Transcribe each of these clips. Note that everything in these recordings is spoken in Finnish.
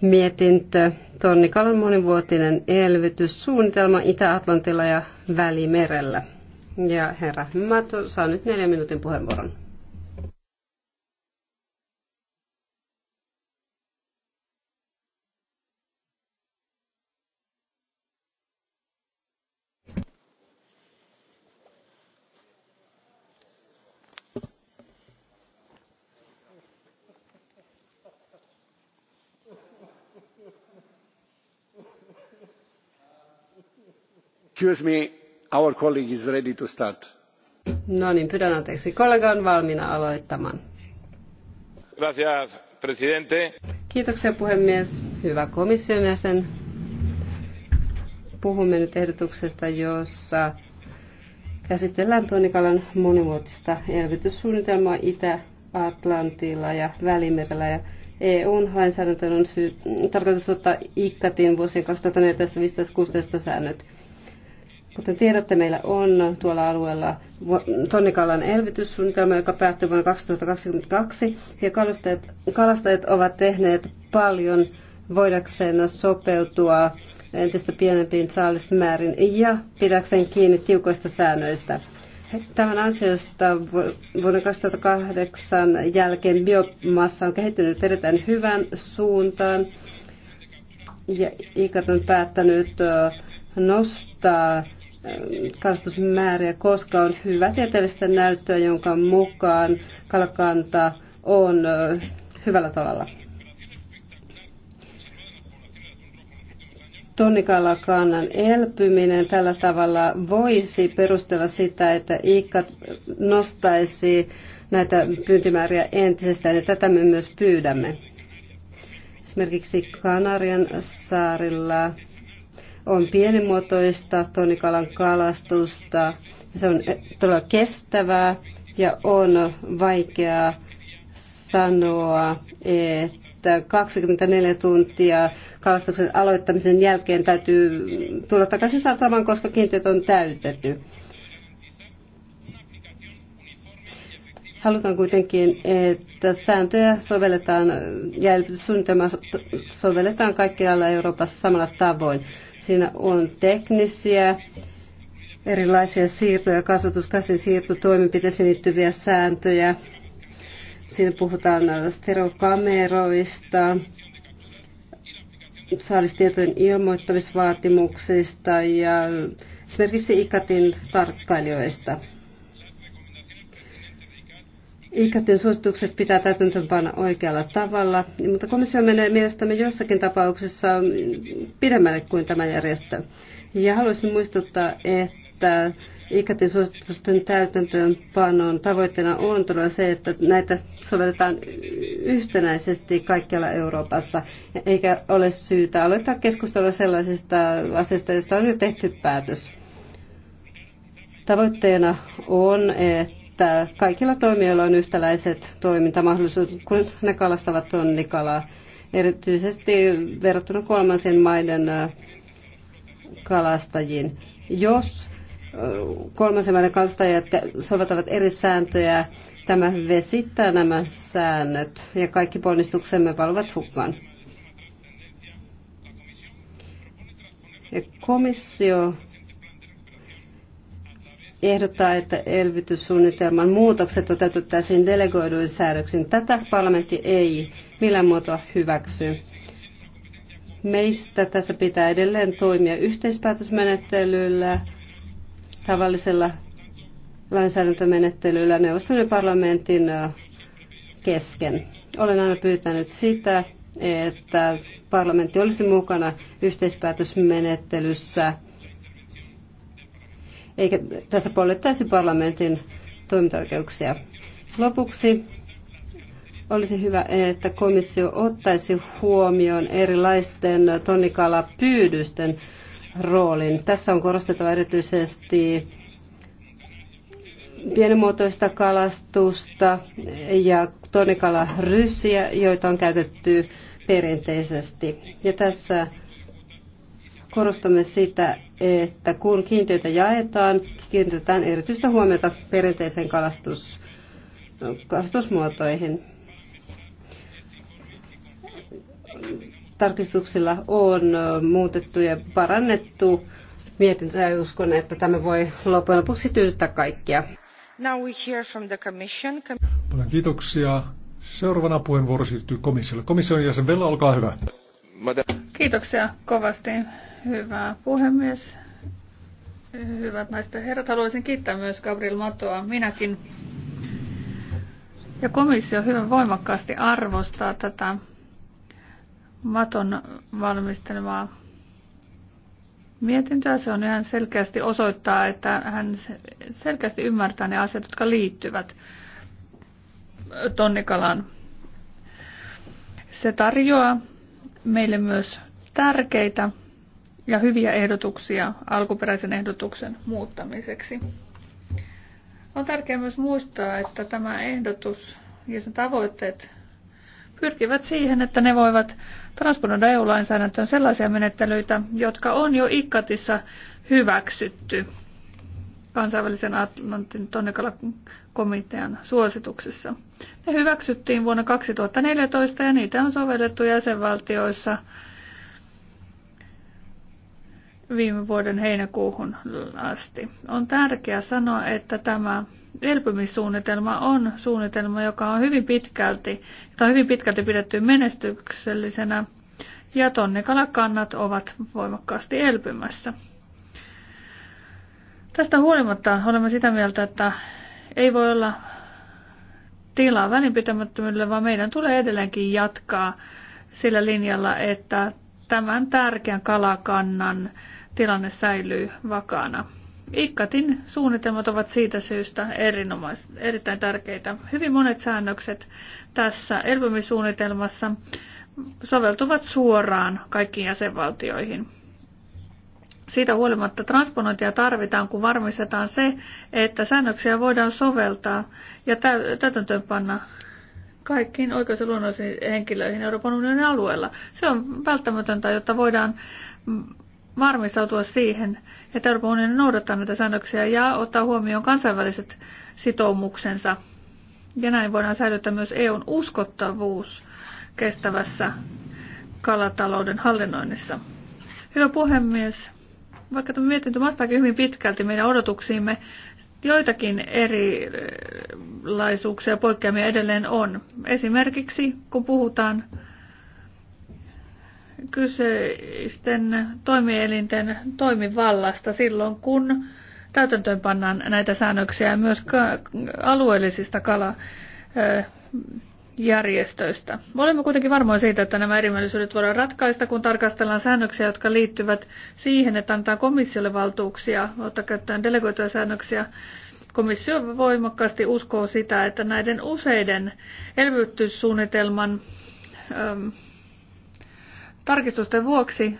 mietintö Tonnikalan monivuotinen elvytyssuunnitelma Itä-Atlantilla ja Välimerellä. Ja herra Mato saa nyt neljän minuutin puheenvuoron. Excuse me, our colleague is ready to start. No niin, pyydän anteeksi. Kollega on valmiina aloittamaan. Gracias, presidente. Kiitoksia puhemies. Hyvä komission jäsen. Puhumme nyt ehdotuksesta, jossa käsitellään tuonikalan monivuotista elvytyssuunnitelmaa Itä-Atlantilla ja Välimerellä. Ja EUn lainsäädäntöön on syy, tarkoitus ottaa ICCATin vuosien 2014-2016 säännöt Kuten tiedätte, meillä on tuolla alueella Tonnikallan elvytyssuunnitelma, joka päättyi vuonna 2022, ja kalastajat, kalastajat ovat tehneet paljon voidakseen sopeutua entistä pienempiin saalismäärin ja pidäkseen kiinni tiukoista säännöistä. Tämän ansiosta vuonna 2008 jälkeen biomassa on kehittynyt erittäin hyvän suuntaan ja ICAT on päättänyt nostaa kalastusmääriä, koska on hyvä tieteellistä näyttöä, jonka mukaan kalakanta on hyvällä tavalla. Tonnikalakannan elpyminen tällä tavalla voisi perustella sitä, että Iikka nostaisi näitä pyyntimääriä entisestään ja tätä me myös pyydämme. Esimerkiksi Kanarian saarilla on pienimuotoista tonikalan kalastusta. Se on eh, todella kestävää ja on vaikeaa sanoa, että 24 tuntia kalastuksen aloittamisen jälkeen täytyy tulla takaisin satamaan, koska kiintiöt on täytetty. Halutaan kuitenkin, että sääntöjä sovelletaan ja sovelletaan kaikkialla Euroopassa samalla tavoin. Siinä on teknisiä, erilaisia siirtoja, siirto, siirtotoimenpiteisiin liittyviä sääntöjä. Siinä puhutaan stereokameroista, saalistietojen ilmoittamisvaatimuksista ja esimerkiksi ikatin tarkkailijoista. Ikätin suositukset pitää täytäntöönpanna oikealla tavalla, mutta komissio menee mielestämme joissakin tapauksessa pidemmälle kuin tämä järjestö. Ja haluaisin muistuttaa, että Ikätin suositusten täytäntöönpanon tavoitteena on todella se, että näitä sovelletaan yhtenäisesti kaikkialla Euroopassa, eikä ole syytä aloittaa keskustelua sellaisista asioista, joista on jo tehty päätös. Tavoitteena on, että että kaikilla toimijoilla on yhtäläiset toimintamahdollisuudet, kun ne kalastavat tonnikalaa. Erityisesti verrattuna kolmansien maiden kalastajiin. Jos kolmansien maiden kalastajat soveltavat eri sääntöjä, tämä vesittää nämä säännöt ja kaikki ponnistuksemme valuvat hukkaan. Ja komissio ehdottaa, että elvytyssuunnitelman muutokset toteutettaisiin delegoiduin säädöksin. Tätä parlamentti ei millään muotoa hyväksy. Meistä tässä pitää edelleen toimia yhteispäätösmenettelyllä, tavallisella lainsäädäntömenettelyllä neuvoston ja parlamentin kesken. Olen aina pyytänyt sitä, että parlamentti olisi mukana yhteispäätösmenettelyssä eikä tässä poljettaisi parlamentin toimintaoikeuksia. Lopuksi olisi hyvä, että komissio ottaisi huomioon erilaisten tonnikalapyydysten roolin. Tässä on korostettava erityisesti pienimuotoista kalastusta ja tonnikalarysiä, joita on käytetty perinteisesti. Ja tässä korostamme sitä, että kun kiintiöitä jaetaan, kiinnitetään erityistä huomiota perinteisen kalastus, kalastusmuotoihin. Tarkistuksilla on muutettu ja parannettu mietintöä ja uskon, että tämä voi loppujen lopuksi tyydyttää kaikkia. Now we hear from the commission. Paljon kiitoksia. Seuraavana puheenvuoro siirtyy komissiolle. Komission jäsen Vella, olkaa hyvä. Kiitoksia kovasti Hyvä puhemies. Hyvät naiset ja herrat, haluaisin kiittää myös Gabriel Matoa. Minäkin ja komissio hyvin voimakkaasti arvostaa tätä Maton valmistelmaa mietintöä. Se on ihan selkeästi osoittaa, että hän selkeästi ymmärtää ne asiat, jotka liittyvät tonnikalaan. Se tarjoaa meille myös tärkeitä ja hyviä ehdotuksia alkuperäisen ehdotuksen muuttamiseksi. On tärkeää myös muistaa, että tämä ehdotus ja sen tavoitteet pyrkivät siihen, että ne voivat transponoida EU-lainsäädäntöön sellaisia menettelyitä, jotka on jo ikkatissa hyväksytty kansainvälisen Atlantin tonnekala komitean suosituksissa. Ne hyväksyttiin vuonna 2014 ja niitä on sovellettu jäsenvaltioissa viime vuoden heinäkuuhun asti. On tärkeää sanoa, että tämä elpymissuunnitelma on suunnitelma, joka on hyvin pitkälti, jota on hyvin pitkälti pidetty menestyksellisenä ja tonnikalakannat ovat voimakkaasti elpymässä. Tästä huolimatta olemme sitä mieltä, että ei voi olla tilaa välinpitämättömyydelle, vaan meidän tulee edelleenkin jatkaa sillä linjalla, että tämän tärkeän kalakannan tilanne säilyy vakaana. Ikkatin suunnitelmat ovat siitä syystä erinomais, erittäin tärkeitä. Hyvin monet säännökset tässä elpymissuunnitelmassa soveltuvat suoraan kaikkiin jäsenvaltioihin. Siitä huolimatta transponointia tarvitaan, kun varmistetaan se, että säännöksiä voidaan soveltaa ja täytäntöönpanna kaikkiin oikeus- ja luonnollisiin henkilöihin Euroopan unionin alueella. Se on välttämätöntä, jotta voidaan varmistautua siihen, että Euroopan unioni noudattaa näitä säännöksiä ja ottaa huomioon kansainväliset sitoumuksensa. Ja näin voidaan säilyttää myös EUn uskottavuus kestävässä kalatalouden hallinnoinnissa. Hyvä puhemies, vaikka tämä mietintö vastaakin hyvin pitkälti meidän odotuksiimme, joitakin erilaisuuksia ja poikkeamia edelleen on. Esimerkiksi kun puhutaan kyseisten toimielinten toimivallasta silloin, kun täytäntöön pannaan näitä säännöksiä myös alueellisista kalajärjestöistä. Olemme kuitenkin varmoja siitä, että nämä erimielisyydet voidaan ratkaista, kun tarkastellaan säännöksiä, jotka liittyvät siihen, että antaa komissiolle valtuuksia ottaa käyttöön delegoituja säännöksiä. Komissio voimakkaasti uskoo sitä, että näiden useiden elvytyssuunnitelman ähm, Tarkistusten vuoksi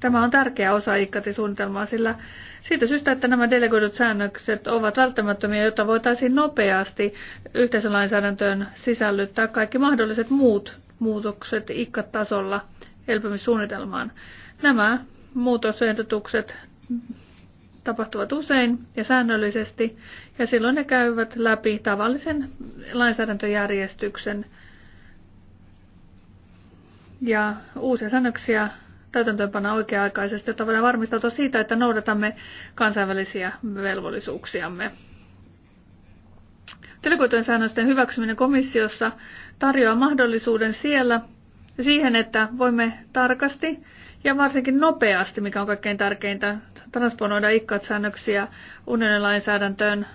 tämä on tärkeä osa IKATI-suunnitelmaa, sillä siitä syystä, että nämä delegoidut säännökset ovat välttämättömiä, jotta voitaisiin nopeasti yhteisölainsäädäntöön sisällyttää kaikki mahdolliset muut muutokset IKAT-tasolla elpymissuunnitelmaan. Nämä muutosehdotukset tapahtuvat usein ja säännöllisesti, ja silloin ne käyvät läpi tavallisen lainsäädäntöjärjestyksen – ja uusia säännöksiä täytäntöönpana oikea-aikaisesti, jotta voidaan varmistautua siitä, että noudatamme kansainvälisiä velvollisuuksiamme. Delegoitujen säännösten hyväksyminen komissiossa tarjoaa mahdollisuuden siellä siihen, että voimme tarkasti ja varsinkin nopeasti, mikä on kaikkein tärkeintä, transponoida ikkat-säännöksiä unionin lainsäädäntöön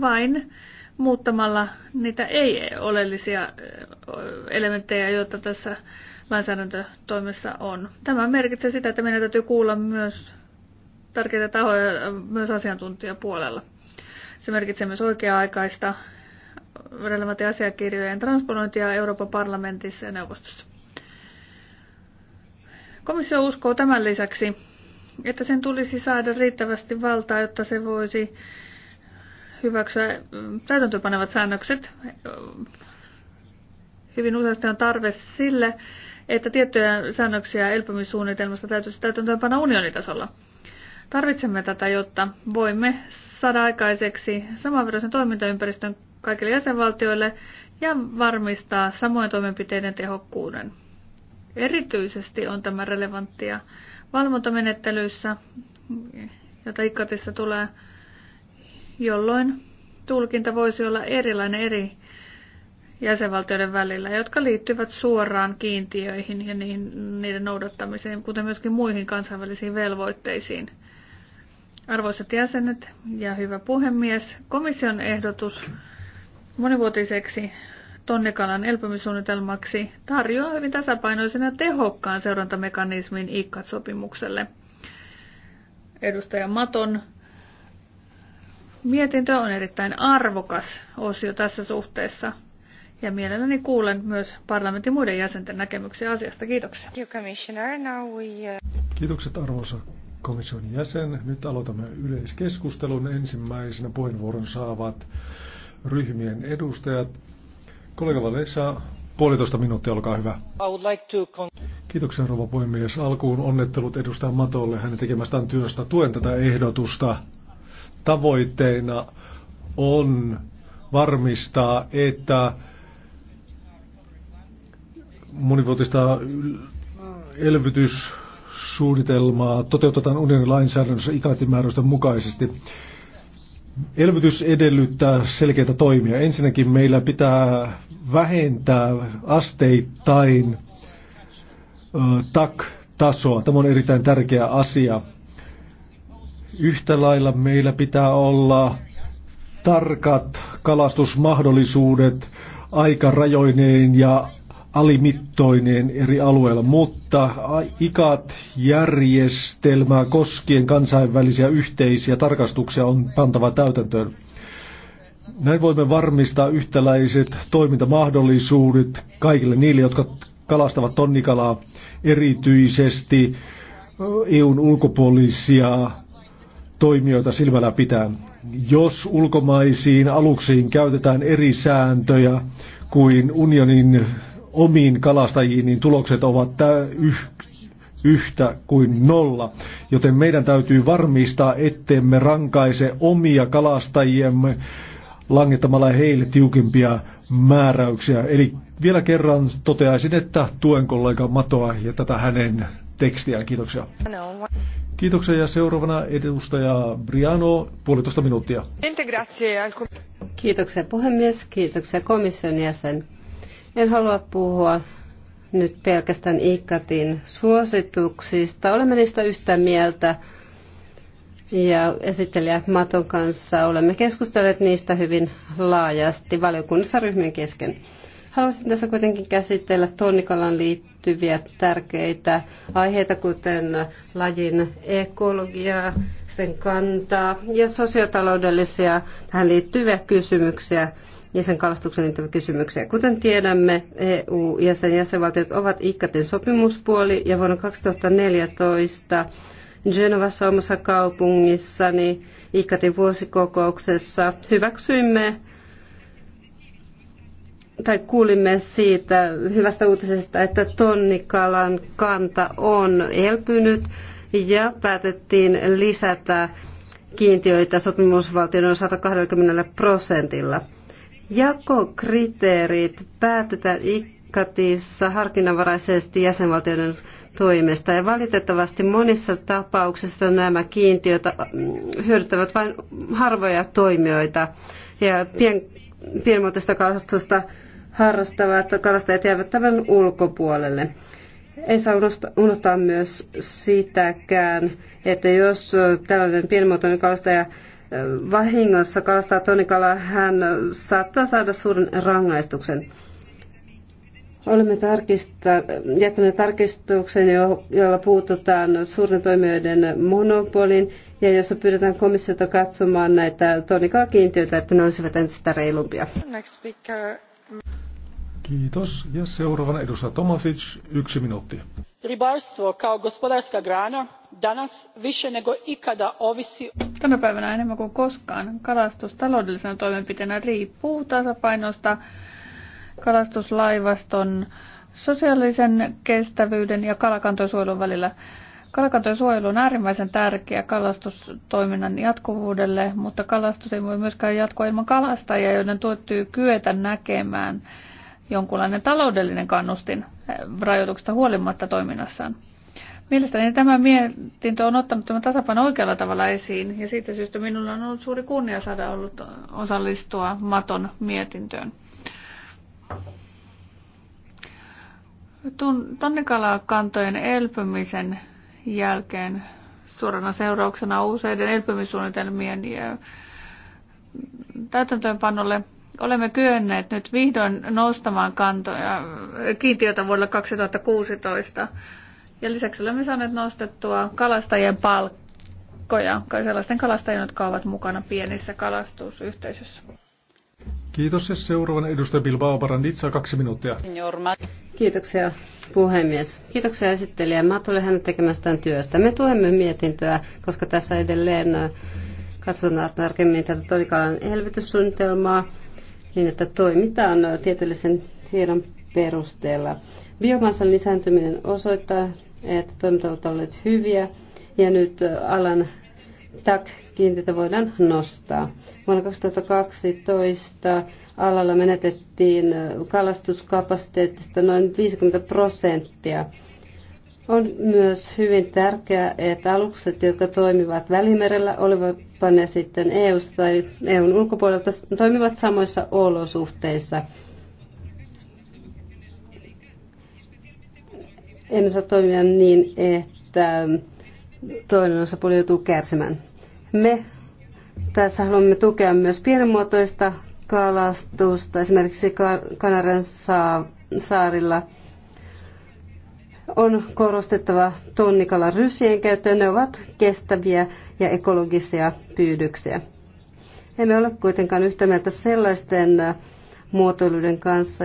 vain muuttamalla niitä ei-oleellisia elementtejä, joita tässä lainsäädäntötoimessa on. Tämä merkitsee sitä, että meidän täytyy kuulla myös tärkeitä tahoja myös asiantuntijapuolella. Se merkitsee myös oikea-aikaista relevantin asiakirjojen transponointia Euroopan parlamentissa ja neuvostossa. Komissio uskoo tämän lisäksi, että sen tulisi saada riittävästi valtaa, jotta se voisi hyväksyä täytäntöönpanevat säännökset. Hyvin useasti on tarve sille, että tiettyjä säännöksiä elpymissuunnitelmasta täytyisi täytäntöönpana unionitasolla. Tarvitsemme tätä, jotta voimme saada aikaiseksi samanveroisen toimintaympäristön kaikille jäsenvaltioille ja varmistaa samojen toimenpiteiden tehokkuuden. Erityisesti on tämä relevanttia valvontamenettelyissä, jota ikkatissa tulee, jolloin tulkinta voisi olla erilainen eri jäsenvaltioiden välillä, jotka liittyvät suoraan kiintiöihin ja niihin, niiden noudattamiseen, kuten myöskin muihin kansainvälisiin velvoitteisiin. Arvoisat jäsenet ja hyvä puhemies, komission ehdotus monivuotiseksi tonnikalan elpymissuunnitelmaksi tarjoaa hyvin tasapainoisen ja tehokkaan seurantamekanismin ICCAT-sopimukselle. Edustaja Maton mietintö on erittäin arvokas osio tässä suhteessa ja mielelläni kuulen myös parlamentin muiden jäsenten näkemyksiä asiasta. Kiitoksia. Uh, Kiitokset arvoisa komission jäsen. Nyt aloitamme yleiskeskustelun. Ensimmäisenä puheenvuoron saavat ryhmien edustajat. Kollega Valesa, puolitoista minuuttia, olkaa hyvä. Kiitoksia rouva puhemies. Alkuun onnettelut edustaja Matolle hänen tekemästään työstä. Tuen tätä ehdotusta. Tavoitteena on varmistaa, että monivuotista elvytyssuunnitelmaa toteutetaan unionin lainsäädännössä ikätimääräysten mukaisesti. Elvytys edellyttää selkeitä toimia. Ensinnäkin meillä pitää vähentää asteittain TAK-tasoa. Tämä on erittäin tärkeä asia. Yhtä lailla meillä pitää olla tarkat kalastusmahdollisuudet aikarajoineen ja alimittoineen eri alueilla, mutta ICAT-järjestelmää koskien kansainvälisiä yhteisiä tarkastuksia on pantava täytäntöön. Näin voimme varmistaa yhtäläiset toimintamahdollisuudet kaikille niille, jotka kalastavat tonnikalaa, erityisesti EUn ulkopuolisia toimijoita silmällä pitää. Jos ulkomaisiin aluksiin käytetään eri sääntöjä kuin unionin omiin kalastajiin, niin tulokset ovat yh, yhtä kuin nolla. Joten meidän täytyy varmistaa, ettemme rankaise omia kalastajiemme langettamalla heille tiukempia määräyksiä. Eli vielä kerran toteaisin, että tuen kollega Matoa ja tätä hänen tekstiään. Kiitoksia. Kiitoksia ja seuraavana edustaja Briano, puolitoista minuuttia. Kiitoksia puhemies, kiitoksia komission jäsen. En halua puhua nyt pelkästään Ikatin suosituksista. Olemme niistä yhtä mieltä ja esittelijä Maton kanssa olemme keskustelleet niistä hyvin laajasti valiokunnassa ryhmien kesken. Haluaisin tässä kuitenkin käsitellä tonnikalan liittyviä tärkeitä aiheita, kuten lajin ekologiaa, sen kantaa ja sosiotaloudellisia tähän liittyviä kysymyksiä, ja sen kalastuksen liittyviä kysymyksiä. Kuten tiedämme, EU ja sen jäsenvaltiot ovat ikkaten sopimuspuoli ja vuonna 2014 Genovassa omassa kaupungissani ikkaten vuosikokouksessa hyväksyimme tai kuulimme siitä hyvästä uutisesta, että tonnikalan kanta on elpynyt ja päätettiin lisätä kiintiöitä sopimusvaltion 120 prosentilla. Jakokriteerit päätetään ikkatiissa harkinnanvaraisesti jäsenvaltioiden toimesta ja valitettavasti monissa tapauksissa nämä kiintiöt äh, hyödyttävät vain harvoja toimijoita ja pien, pienmuotoista kalastusta harrastavat kalastajat jäävät tämän ulkopuolelle. Ei saa unohtaa myös sitäkään, että jos äh, tällainen pienmuotoinen kalastaja vahingossa kalastaa tonikala, hän saattaa saada suuren rangaistuksen. Olemme tarkista- jättäneet tarkistuksen, jolla puututaan suurten toimijoiden monopoliin ja jossa pyydetään komissiota katsomaan näitä tonikala-kiintiöitä, että ne olisivat entistä reilumpia. Kiitos. Ja seuraavana edustaja Tomasic, yksi minuutti. Ribarstvo kao gospodarska grana danas više nego ikada ovisi... Tänä päivänä enemmän kuin koskaan kalastus taloudellisena toimenpiteenä riippuu tasapainosta kalastuslaivaston sosiaalisen kestävyyden ja kalakantosuojelun välillä. Kalakantojen suojelu on äärimmäisen tärkeä kalastustoiminnan jatkuvuudelle, mutta kalastus ei voi myöskään jatkoa ilman kalastajia, joiden tuottyy kyetä näkemään – jonkunlainen taloudellinen kannustin eh, rajoituksesta huolimatta toiminnassaan. Mielestäni tämä mietintö on ottanut tämän tasapaino oikealla tavalla esiin ja siitä syystä minulla on ollut suuri kunnia saada ollut eh, osallistua Maton mietintöön. Tonnikalakantojen elpymisen jälkeen suorana seurauksena useiden elpymissuunnitelmien täytäntöönpanolle olemme kyenneet nyt vihdoin nostamaan kantoja, kiintiötä vuodelle 2016. Ja lisäksi olemme saaneet nostettua kalastajien palkkoja, sellaisten kalastajien, jotka ovat mukana pienissä kalastusyhteisöissä. Kiitos. Ja seuraavan edustaja Bilbao Baranditsa, kaksi minuuttia. Kiitoksia puhemies. Kiitoksia esittelijä Matulle hänen tekemästään työstä. Me tuemme mietintöä, koska tässä edelleen katsotaan tarkemmin tätä tolikalan elvytyssuunnitelmaa niin että toimitaan tieteellisen tiedon perusteella. Biomassan lisääntyminen osoittaa, että toiminta ovat olleet hyviä ja nyt alan tak kiintiötä voidaan nostaa. Vuonna 2012 alalla menetettiin kalastuskapasiteetista noin 50 prosenttia. On myös hyvin tärkeää, että alukset, jotka toimivat Välimerellä, olivat olivatpa ne sitten eu tai EUn ulkopuolelta, toimivat samoissa olosuhteissa. En saa toimia niin, että toinen osapuoli joutuu kärsimään. Me tässä haluamme tukea myös pienenmuotoista kalastusta, esimerkiksi Kanarian saarilla – on korostettava tonnikalarysien rysien käyttöä. Ne ovat kestäviä ja ekologisia pyydyksiä. Emme ole kuitenkaan yhtä mieltä sellaisten muotoiluiden kanssa,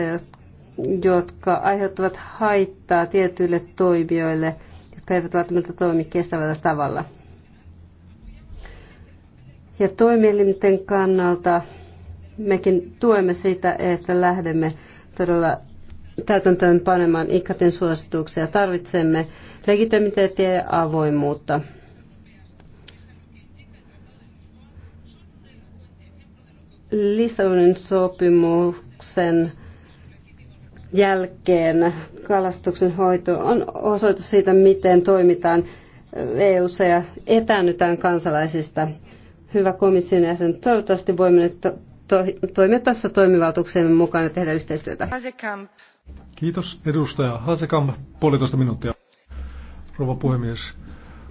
jotka aiheuttavat haittaa tietyille toimijoille, jotka eivät välttämättä toimi kestävällä tavalla. Ja toimielinten kannalta mekin tuemme sitä, että lähdemme todella täytäntöön panemaan ikaten suosituksia. Tarvitsemme legitimiteettiä ja avoimuutta. Lissabonin sopimuksen jälkeen kalastuksen hoito on osoitus siitä, miten toimitaan eu ja etäännytään kansalaisista. Hyvä komission jäsen, toivottavasti voimme nyt to- toimia tässä toimivaltuuksien mukana tehdä yhteistyötä. Kiitos edustaja Hasekam, puolitoista minuuttia. Rouva puhemies,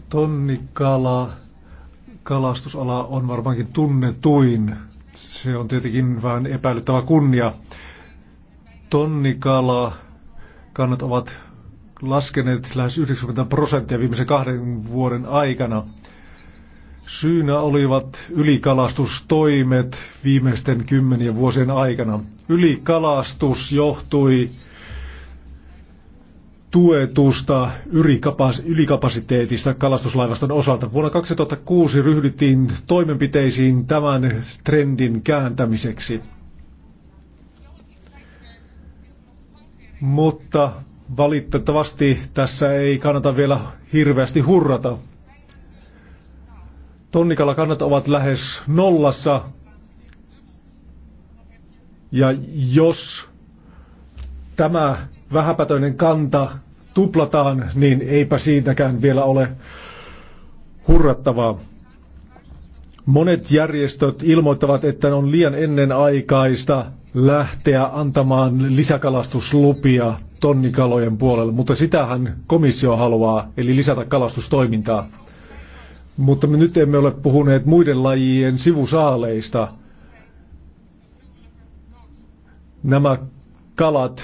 tonnikala kalastusala on varmaankin tunnetuin. Se on tietenkin vähän epäilyttävä kunnia. Tonnikala kannat ovat laskeneet lähes 90 prosenttia viimeisen kahden vuoden aikana. Syynä olivat ylikalastustoimet viimeisten kymmenien vuosien aikana. Ylikalastus johtui tuetusta ylikapasiteetista kalastuslaivaston osalta. Vuonna 2006 ryhdyttiin toimenpiteisiin tämän trendin kääntämiseksi. Mutta valitettavasti tässä ei kannata vielä hirveästi hurrata. Tonnikalakannat ovat lähes nollassa. Ja jos tämä vähäpätöinen kanta tuplataan, niin eipä siitäkään vielä ole hurrattavaa. Monet järjestöt ilmoittavat, että on liian ennen aikaista lähteä antamaan lisäkalastuslupia tonnikalojen puolelle, mutta sitähän komissio haluaa, eli lisätä kalastustoimintaa. Mutta me nyt emme ole puhuneet muiden lajien sivusaaleista. Nämä kalat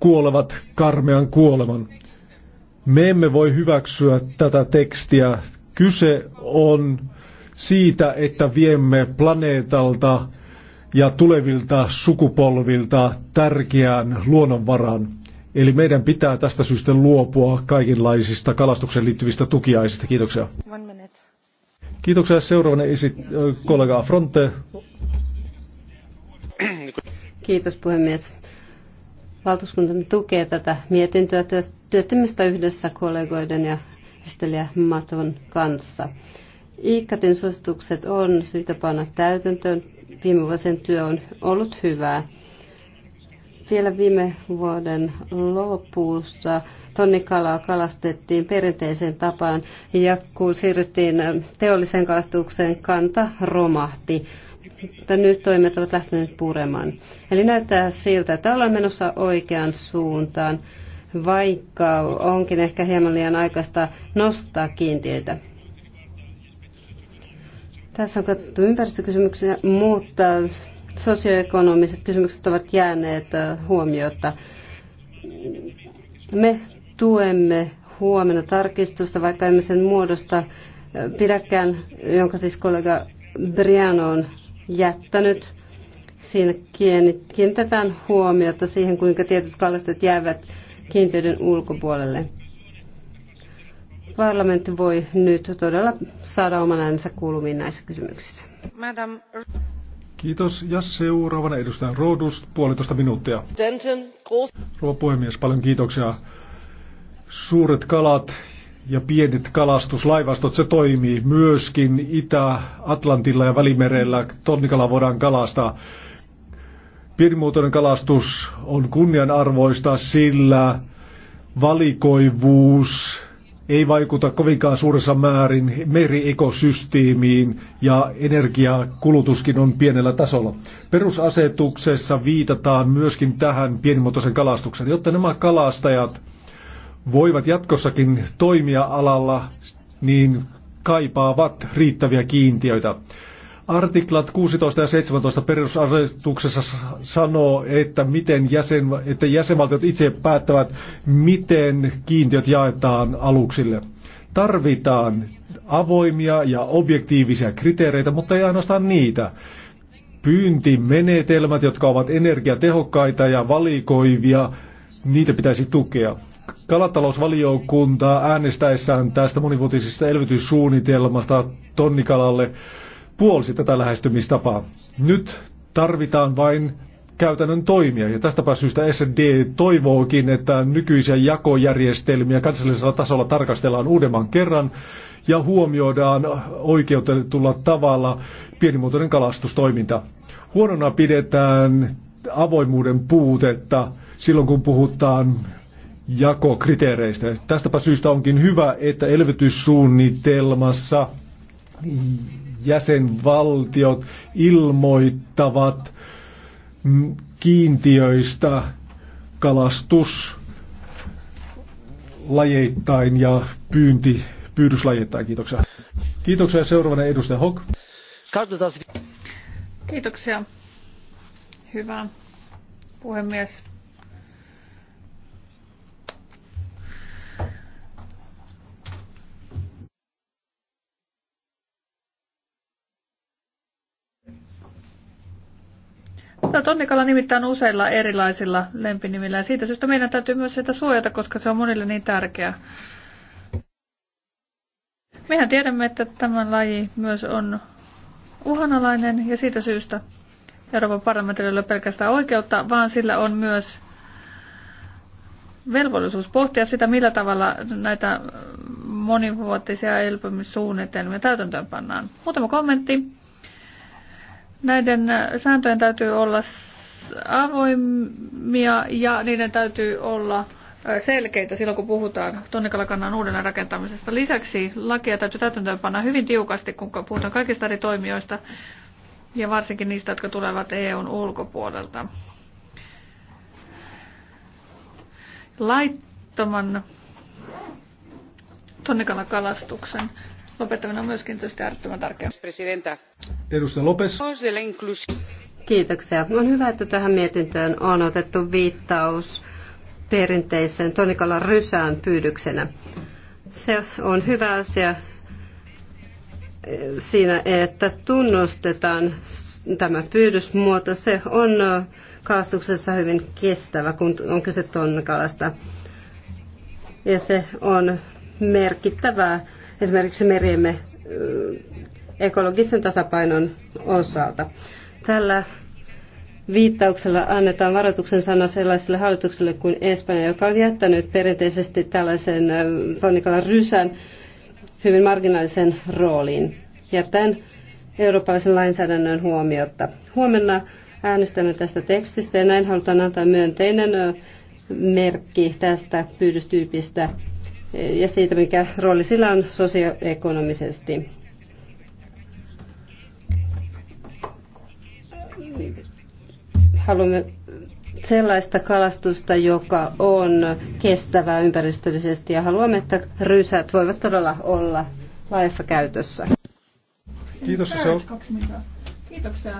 kuolevat karmean kuoleman. Me emme voi hyväksyä tätä tekstiä. Kyse on siitä, että viemme planeetalta ja tulevilta sukupolvilta tärkeään luonnonvaran. Eli meidän pitää tästä syystä luopua kaikenlaisista kalastukseen liittyvistä tukiaisista. Kiitoksia. Kiitoksia. Seuraavana esit- kollega Fronte. Kiitos puhemies. Valtuuskuntamme tukee tätä mietintöä työstämistä yhdessä kollegoiden ja esittelijä Maton kanssa. Iikatin suositukset on syytä panna täytäntöön. Viime vuosien työ on ollut hyvää. Vielä viime vuoden lopussa tonnikalaa kalastettiin perinteiseen tapaan ja kun siirryttiin teolliseen kalastukseen, kanta romahti. Mutta nyt toimet ovat lähteneet puremaan. Eli näyttää siltä, että ollaan menossa oikeaan suuntaan, vaikka onkin ehkä hieman liian aikaista nostaa kiintiöitä. Tässä on katsottu ympäristökysymyksiä, mutta sosioekonomiset kysymykset ovat jääneet huomiota. Me tuemme huomenna tarkistusta, vaikka emme sen muodosta pidäkään, jonka siis kollega Briano on jättänyt. Siinä kiinnitetään huomiota siihen, kuinka tietyt kallistet jäävät kiintiöiden ulkopuolelle. Parlamentti voi nyt todella saada oman äänensä kuuluviin näissä kysymyksissä. Madam... Kiitos. Ja seuraavana edustajan Rodus, puolitoista minuuttia. Rouva puhemies, paljon kiitoksia. Suuret kalat ja pienet kalastuslaivastot, se toimii myöskin Itä-Atlantilla ja Välimerellä. Tonnikala voidaan kalastaa. Pienimuotoinen kalastus on kunnianarvoista, sillä valikoivuus ei vaikuta kovinkaan suuressa määrin meriekosysteemiin ja energiakulutuskin on pienellä tasolla. Perusasetuksessa viitataan myöskin tähän pienimuotoisen kalastuksen, jotta nämä kalastajat voivat jatkossakin toimia alalla, niin kaipaavat riittäviä kiintiöitä. Artiklat 16 ja 17 perusasetuksessa sanoo, että miten jäsen, että jäsenvaltiot itse päättävät, miten kiintiöt jaetaan aluksille. Tarvitaan avoimia ja objektiivisia kriteereitä, mutta ei ainoastaan niitä. Pyyntimenetelmät, jotka ovat energiatehokkaita ja valikoivia, niitä pitäisi tukea kalatalousvaliokunta äänestäessään tästä monivuotisesta elvytyssuunnitelmasta tonnikalalle puolsi tätä lähestymistapaa. Nyt tarvitaan vain käytännön toimia. Ja tästäpä syystä SD toivookin, että nykyisiä jakojärjestelmiä kansallisella tasolla tarkastellaan uudemman kerran ja huomioidaan oikeutetulla tavalla pienimuotoinen kalastustoiminta. Huonona pidetään avoimuuden puutetta silloin, kun puhutaan jakokriteereistä. Tästäpä syystä onkin hyvä, että elvytyssuunnitelmassa jäsenvaltiot ilmoittavat kiintiöistä kalastus lajeittain ja pyynti pyydyslajeittain. Kiitoksia. Kiitoksia seuraavana edustaja Hock. Kiitoksia. Hyvä puhemies. Tonnikala nimittäin useilla erilaisilla lempinimillä ja siitä syystä meidän täytyy myös sitä suojata, koska se on monille niin tärkeää. Mehän tiedämme, että tämä laji myös on uhanalainen ja siitä syystä Euroopan parlamentilla ei ole pelkästään oikeutta, vaan sillä on myös velvollisuus pohtia sitä, millä tavalla näitä monivuotisia elpymissuunnitelmia täytäntöön pannaan. Muutama kommentti. Näiden sääntöjen täytyy olla avoimia ja niiden täytyy olla selkeitä silloin, kun puhutaan Tonnikalakannan uudelleen rakentamisesta. Lisäksi lakia täytyy täytäntöönpanna hyvin tiukasti, kun puhutaan kaikista eri toimijoista ja varsinkin niistä, jotka tulevat EUn ulkopuolelta. Laittoman tonnikalakalastuksen lopettaminen on myöskin tietysti äärettömän tärkeää. Edustaja Lopes. Kiitoksia. On hyvä, että tähän mietintöön on otettu viittaus perinteiseen tonikalan rysään pyydyksenä. Se on hyvä asia eh, siinä, että tunnustetaan tämä pyydysmuoto. Se on eh, kaastuksessa hyvin kestävä, kun on kyse tonnikalasta. Ja se on merkittävää esimerkiksi meriemme eh, ekologisen tasapainon osalta. Tällä viittauksella annetaan varoituksen sana sellaiselle hallitukselle kuin Espanja, joka on jättänyt perinteisesti tällaisen Sonikalan rysän hyvin marginaalisen rooliin, jättäen eurooppalaisen lainsäädännön huomiota. Huomenna äänestämme tästä tekstistä ja näin halutaan antaa myönteinen merkki tästä pyydystyypistä ja siitä, mikä rooli sillä on sosioekonomisesti. Haluamme sellaista kalastusta, joka on kestävää ympäristöllisesti ja haluamme, että rysät voivat todella olla laajassa käytössä. Kiitos. Se on... Kiitoksia.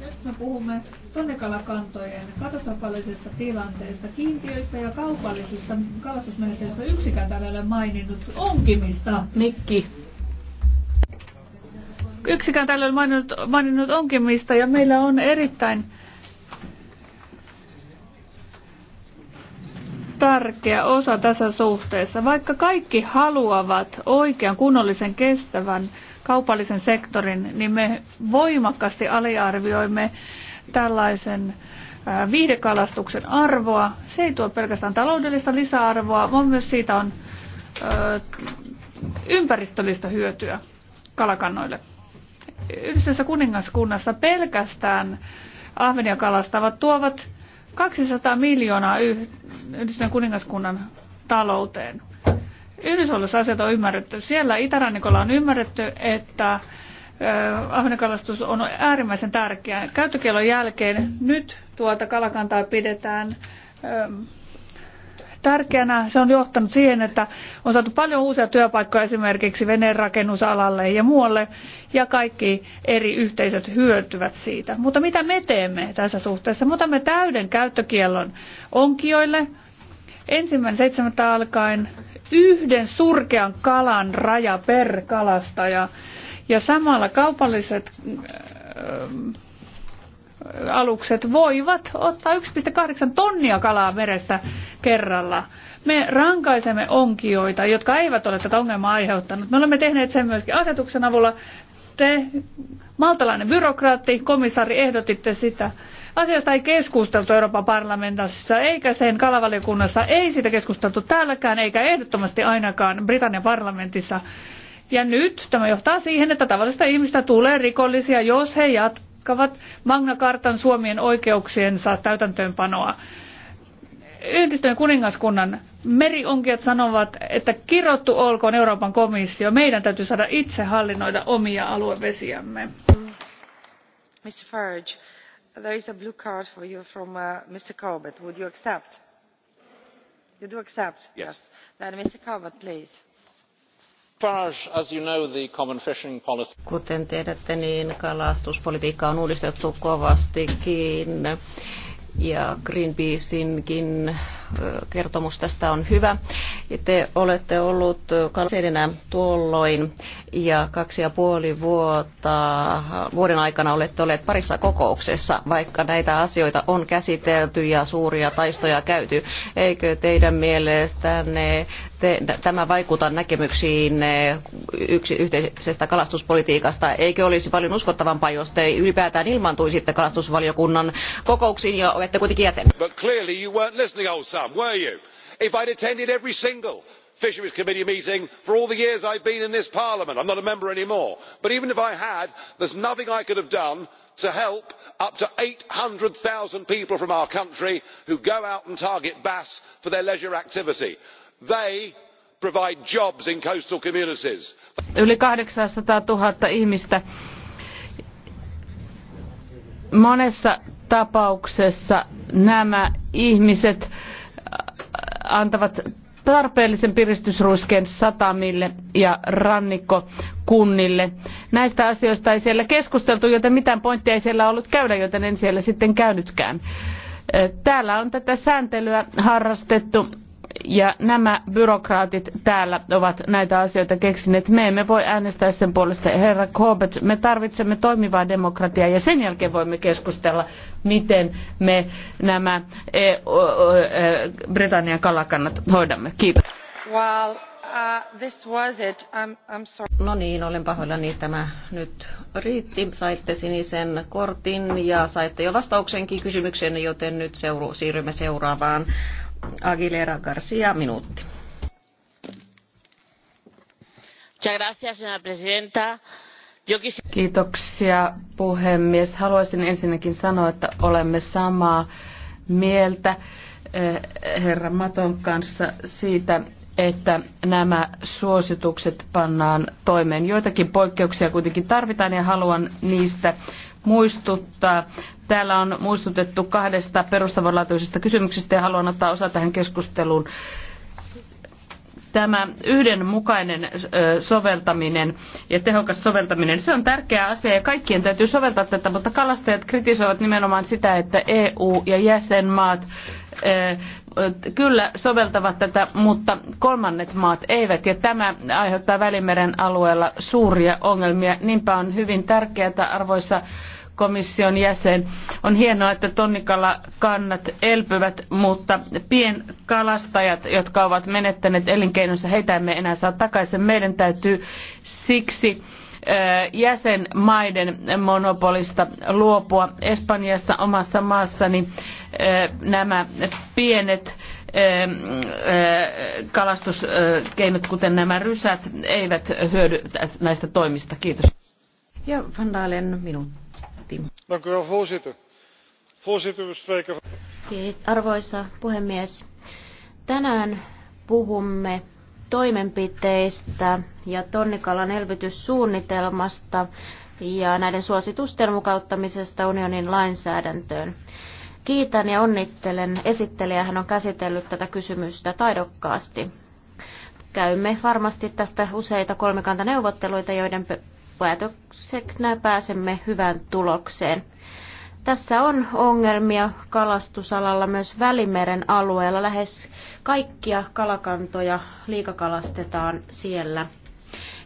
Nyt me puhumme tonnekalakantojen katastrofaalisesta tilanteesta, kiintiöistä ja kaupallisista kalastusmenetelmistä. Yksikään täällä ei ole maininnut onkimista. Mikki. Yksikään täällä ei ole maininnut, maininnut onkimista ja meillä on erittäin tärkeä osa tässä suhteessa. Vaikka kaikki haluavat oikean, kunnollisen, kestävän kaupallisen sektorin, niin me voimakkaasti aliarvioimme tällaisen viidekalastuksen arvoa. Se ei tuo pelkästään taloudellista lisäarvoa, vaan myös siitä on ö, ympäristöllistä hyötyä kalakannoille. Yhdessä kuningaskunnassa pelkästään ahvenia kalastavat tuovat 200 miljoonaa Yhdistyneen kuningaskunnan talouteen. Yhdysvalloissa asiat on ymmärretty. Siellä itärannikolla on ymmärretty, että ahvenekalastus on äärimmäisen tärkeää. Käyttökielon jälkeen nyt tuota kalakantaa pidetään tärkeänä. Se on johtanut siihen, että on saatu paljon uusia työpaikkoja esimerkiksi veneenrakennusalalle ja muualle, ja kaikki eri yhteisöt hyötyvät siitä. Mutta mitä me teemme tässä suhteessa? Me otamme täyden käyttökiellon onkijoille. ensimmäinen seitsemättä alkaen yhden surkean kalan raja per kalastaja. Ja samalla kaupalliset alukset voivat ottaa 1,8 tonnia kalaa merestä kerralla. Me rankaisemme onkioita, jotka eivät ole tätä ongelmaa aiheuttanut. Me olemme tehneet sen myöskin asetuksen avulla. Te, maltalainen byrokraatti, komissaari, ehdotitte sitä. Asiasta ei keskusteltu Euroopan parlamentissa, eikä sen kalavaliokunnassa, ei sitä keskusteltu täälläkään, eikä ehdottomasti ainakaan Britannian parlamentissa. Ja nyt tämä johtaa siihen, että tavallista ihmistä tulee rikollisia, jos he jat- jatkavat Magna Cartan Suomien oikeuksiensa täytäntöönpanoa. Yhdistyneen kuningaskunnan merionkijat sanovat, että kirottu olkoon Euroopan komissio. Meidän täytyy saada itse hallinnoida omia aluevesiämme. Mr. Farage, there is a blue card for you from uh, Mr. Corbett. Would you accept? You do accept? Yes. yes. Then Mr. Corbett, please Kuten tiedätte, niin kalastuspolitiikka on uudistettu kovastikin ja Greenpeace'inkin kertomus tästä on hyvä. Te olette ollut kalastajana tuolloin ja kaksi ja puoli vuotta vuoden aikana olette olleet parissa kokouksessa, vaikka näitä asioita on käsitelty ja suuria taistoja käyty. Eikö teidän mielestänne te, tämä vaikuta näkemyksiin eh, yksi, yhteisestä kalastuspolitiikasta? Eikö olisi paljon uskottavampaa, jos te ylipäätään ilmaantuisitte kalastusvaliokunnan kokouksiin ja olette kuitenkin jäsen? But clearly you weren't listening, old Sam, were you? If I'd attended every single fisheries committee meeting for all the years been in this parliament not a member but even if i had nothing i could have done to help up to people from our country who go out and target bass for their leisure activity they provide jobs in coastal communities. yli kahdeksansataatuhatta ihmistä monessa tapauksessa nämä ihmiset äh, antavat tarpeellisen piristysruiskeen satamille ja rannikkokunnille. Näistä asioista ei siellä keskusteltu, joten mitään pointtia ei siellä ollut käydä, joten en siellä sitten käynytkään. Äh, täällä on tätä sääntelyä harrastettu ja nämä byrokraatit täällä ovat näitä asioita keksineet. Me emme voi äänestää sen puolesta. Herra Corbett, me tarvitsemme toimivaa demokratiaa ja sen jälkeen voimme keskustella, miten me nämä e, e, Britannian kalakannat hoidamme. Kiitos. Well, uh, no niin, olen pahoillani. Tämä nyt riitti. Saitte sinisen kortin ja saitte jo vastauksenkin kysymykseen, joten nyt seuru- siirrymme seuraavaan Aguilera minuutti. Kiitoksia puhemies. Haluaisin ensinnäkin sanoa, että olemme samaa mieltä eh, herra Maton kanssa siitä, että nämä suositukset pannaan toimeen. Joitakin poikkeuksia kuitenkin tarvitaan ja haluan niistä muistuttaa. Täällä on muistutettu kahdesta perustavanlaatuisesta kysymyksestä ja haluan ottaa osa tähän keskusteluun. Tämä yhdenmukainen soveltaminen ja tehokas soveltaminen, se on tärkeä asia ja kaikkien täytyy soveltaa tätä, mutta kalastajat kritisoivat nimenomaan sitä, että EU ja jäsenmaat kyllä soveltavat tätä, mutta kolmannet maat eivät. Ja tämä aiheuttaa Välimeren alueella suuria ongelmia. Niinpä on hyvin tärkeää, arvoisa komission jäsen. On hienoa, että tonnikala kannat elpyvät, mutta pienkalastajat, jotka ovat menettäneet elinkeinonsa, heitä emme enää saa takaisin. Meidän täytyy siksi jäsenmaiden monopolista luopua. Espanjassa omassa maassani nämä pienet kalastuskeinot, kuten nämä rysät, eivät hyödy näistä toimista. Kiitos. Ja Vandaalen minuutti. Arvoisa puhemies, tänään puhumme toimenpiteistä ja tonnikalan elvytyssuunnitelmasta ja näiden suositusten mukauttamisesta unionin lainsäädäntöön. Kiitän ja onnittelen esittelijä, hän on käsitellyt tätä kysymystä taidokkaasti. Käymme varmasti tästä useita kolmikantaneuvotteluita, joiden päätöksenä pääsemme hyvään tulokseen. Tässä on ongelmia kalastusalalla myös Välimeren alueella. Lähes kaikkia kalakantoja liikakalastetaan siellä.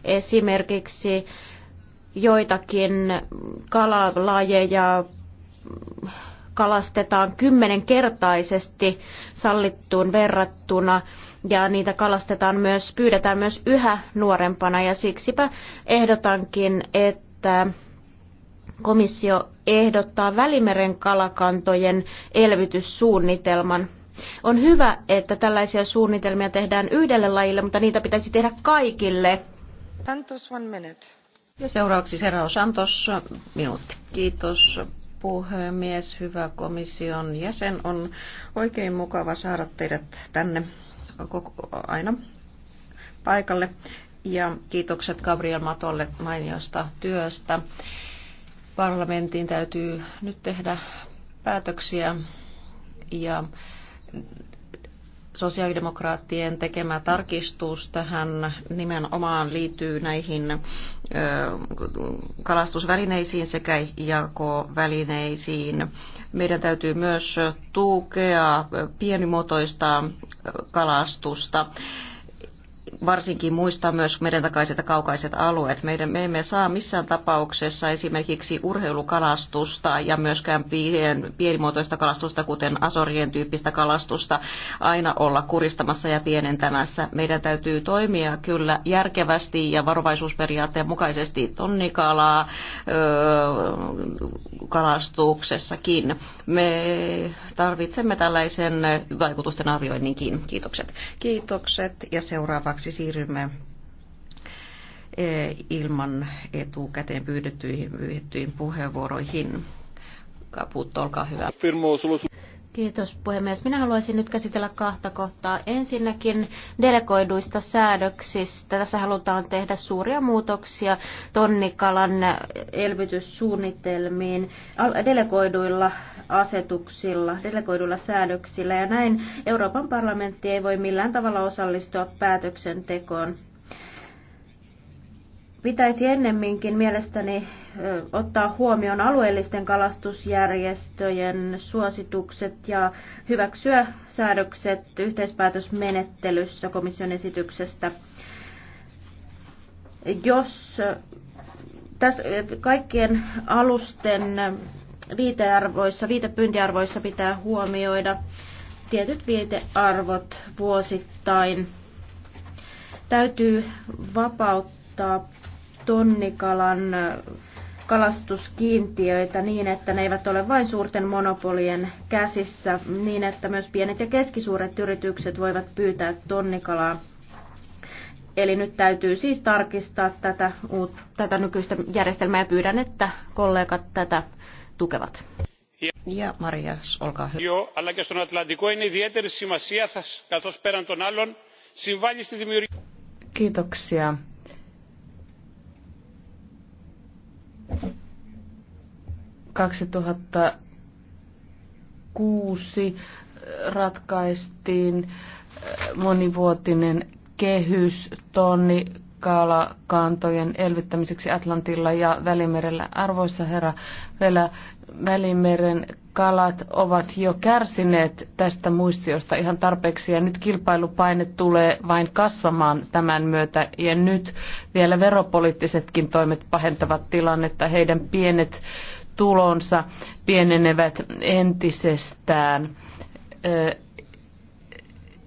Esimerkiksi joitakin kalalajeja kalastetaan kymmenenkertaisesti sallittuun verrattuna ja niitä kalastetaan myös, pyydetään myös yhä nuorempana ja siksipä ehdotankin, että komissio ehdottaa Välimeren kalakantojen elvytyssuunnitelman. On hyvä, että tällaisia suunnitelmia tehdään yhdelle lajille, mutta niitä pitäisi tehdä kaikille. Santos, one minute. Ja seuraavaksi Serrao Santos, minuutti. Kiitos puhemies, hyvä komission jäsen. On oikein mukava saada teidät tänne aina paikalle. Ja kiitokset Gabriel Matolle mainiosta työstä. Parlamentin täytyy nyt tehdä päätöksiä ja sosiaalidemokraattien tekemä tarkistus tähän nimenomaan liittyy näihin kalastusvälineisiin sekä jakovälineisiin. Meidän täytyy myös tukea pienimuotoista kalastusta varsinkin muistaa myös meidän takaiset ja kaukaiset alueet. Meidän, me emme saa missään tapauksessa esimerkiksi urheilukalastusta ja myöskään pien, pienimuotoista kalastusta, kuten Asorien tyyppistä kalastusta, aina olla kuristamassa ja pienentämässä. Meidän täytyy toimia kyllä järkevästi ja varovaisuusperiaatteen mukaisesti tonnikalaa öö, kalastuksessakin. Me tarvitsemme tällaisen vaikutusten arvioinninkin. Kiitokset. Kiitokset ja seuraavaksi Seuraavaksi siirrymme e, ilman etukäteen pyydettyihin, pyydettyihin puheenvuoroihin. Kaput, olkaa hyvä. Kiitos puhemies. Minä haluaisin nyt käsitellä kahta kohtaa. Ensinnäkin delegoiduista säädöksistä. Tässä halutaan tehdä suuria muutoksia tonnikalan elvytyssuunnitelmiin delegoiduilla asetuksilla, delegoiduilla säädöksillä. Ja näin Euroopan parlamentti ei voi millään tavalla osallistua päätöksentekoon Pitäisi ennemminkin mielestäni ottaa huomioon alueellisten kalastusjärjestöjen suositukset ja hyväksyä säädökset yhteispäätösmenettelyssä komission esityksestä. Jos tässä kaikkien alusten viitearvoissa, viitepyyntiarvoissa pitää huomioida tietyt viitearvot vuosittain. Täytyy vapauttaa tonnikalan kalastuskiintiöitä niin, että ne eivät ole vain suurten monopolien käsissä, niin että myös pienet ja keskisuuret yritykset voivat pyytää tonnikalaa. Eli nyt täytyy siis tarkistaa tätä, tätä nykyistä järjestelmää ja pyydän, että kollegat tätä tukevat. Ja Maria, olkaa hyvä. Joo, alla keston Atlantiko Ατλαντικό είναι ιδιαίτερη σημασία, καθώς πέραν των Kiitoksia 2006 ratkaistiin monivuotinen kehys tonni kaalakantojen elvyttämiseksi Atlantilla ja Välimerellä. Arvoisa herra, vielä Välimeren kalat ovat jo kärsineet tästä muistiosta ihan tarpeeksi ja nyt kilpailupaine tulee vain kasvamaan tämän myötä ja nyt vielä veropoliittisetkin toimet pahentavat tilannetta. Heidän pienet tulonsa pienenevät entisestään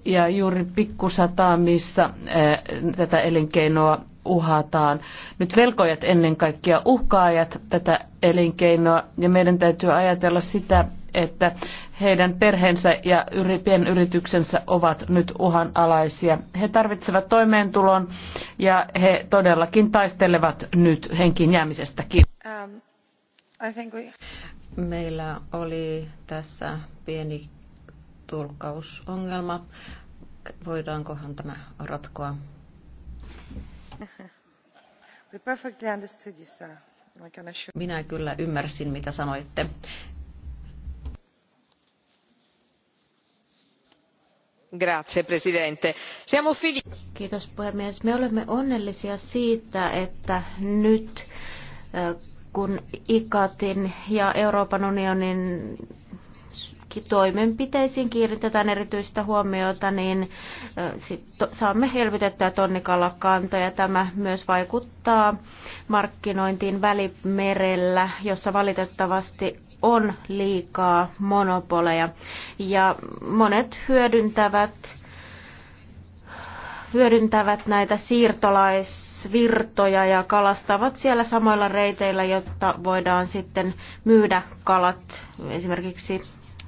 ja juuri pikkusataamissa tätä elinkeinoa uhataan. Nyt velkojat ennen kaikkea uhkaajat tätä elinkeinoa ja meidän täytyy ajatella sitä, että heidän perheensä ja yri, pienyrityksensä ovat nyt uhanalaisia. He tarvitsevat toimeentulon ja he todellakin taistelevat nyt henkin jäämisestäkin. Um, we... Meillä oli tässä pieni tulkkausongelma. Voidaankohan tämä ratkoa? Minä kyllä ymmärsin, mitä sanoitte. Grazie, presidente. Siamo figli... Kiitos puhemies. Me olemme onnellisia siitä, että nyt eh, kun ICATin ja Euroopan unionin toimenpiteisiin kiinnitetään erityistä huomiota, niin saamme helvitettyä tonnikalakantoja. Tämä myös vaikuttaa markkinointiin välimerellä, jossa valitettavasti on liikaa monopoleja. Ja monet hyödyntävät hyödyntävät näitä siirtolaisvirtoja ja kalastavat siellä samoilla reiteillä, jotta voidaan sitten myydä kalat esimerkiksi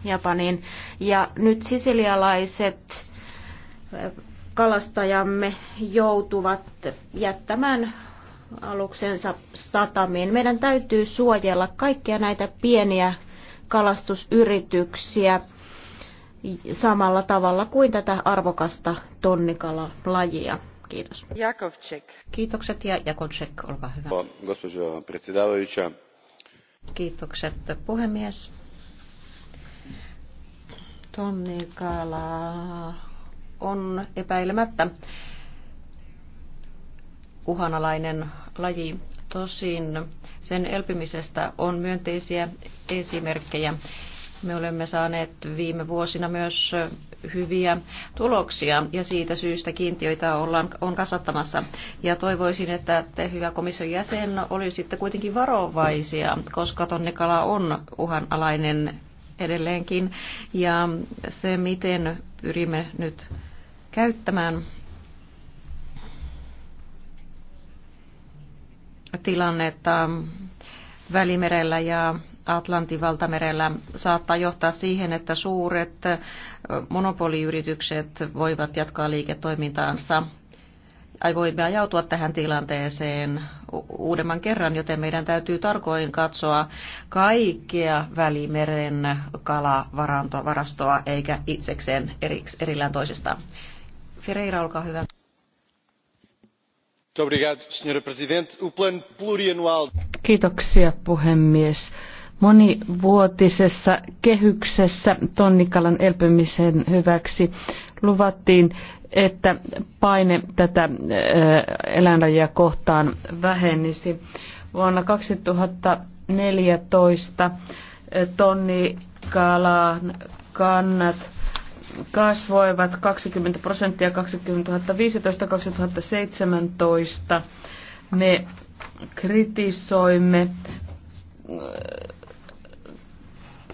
Japaniin. Ja nyt sisilialaiset kalastajamme joutuvat jättämään aluksensa satamiin. Meidän täytyy suojella kaikkia näitä pieniä kalastusyrityksiä samalla tavalla kuin tätä arvokasta tonnikala-lajia. Kiitos. Jakovček. Kiitokset ja Jakovček, olkaa hyvä. Kiitokset puhemies tonnikalaa on epäilemättä uhanalainen laji. Tosin sen elpymisestä on myönteisiä esimerkkejä. Me olemme saaneet viime vuosina myös hyviä tuloksia ja siitä syystä kiintiöitä ollaan, on kasvattamassa. Ja toivoisin, että te hyvä komission jäsen olisitte kuitenkin varovaisia, koska tonnikala on uhanalainen edelleenkin. Ja se, miten pyrimme nyt käyttämään tilannetta Välimerellä ja Atlantin valtamerellä saattaa johtaa siihen, että suuret monopoliyritykset voivat jatkaa liiketoimintaansa voimme ajautua tähän tilanteeseen uudemman kerran, joten meidän täytyy tarkoin katsoa kaikkea Välimeren kalavarastoa eikä itsekseen erillään toisistaan. Ferreira, olkaa hyvä. Kiitoksia puhemies. Monivuotisessa kehyksessä tonnikalan elpymisen hyväksi luvattiin että paine tätä eh, eläinlajia kohtaan vähenisi. Vuonna 2014 tonni kalan kannat kasvoivat 20 prosenttia 2015-2017. Me kritisoimme eh,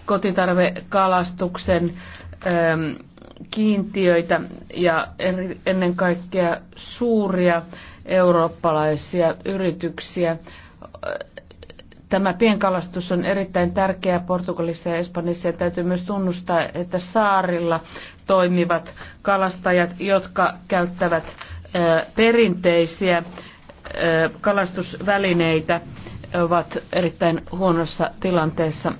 kotitarvekalastuksen ehm, kiintiöitä ja ennen kaikkea suuria eurooppalaisia yrityksiä. Tämä pienkalastus on erittäin tärkeää Portugalissa ja Espanjassa ja täytyy myös tunnustaa, että saarilla toimivat kalastajat, jotka käyttävät perinteisiä kalastusvälineitä, ovat erittäin huonossa tilanteessa.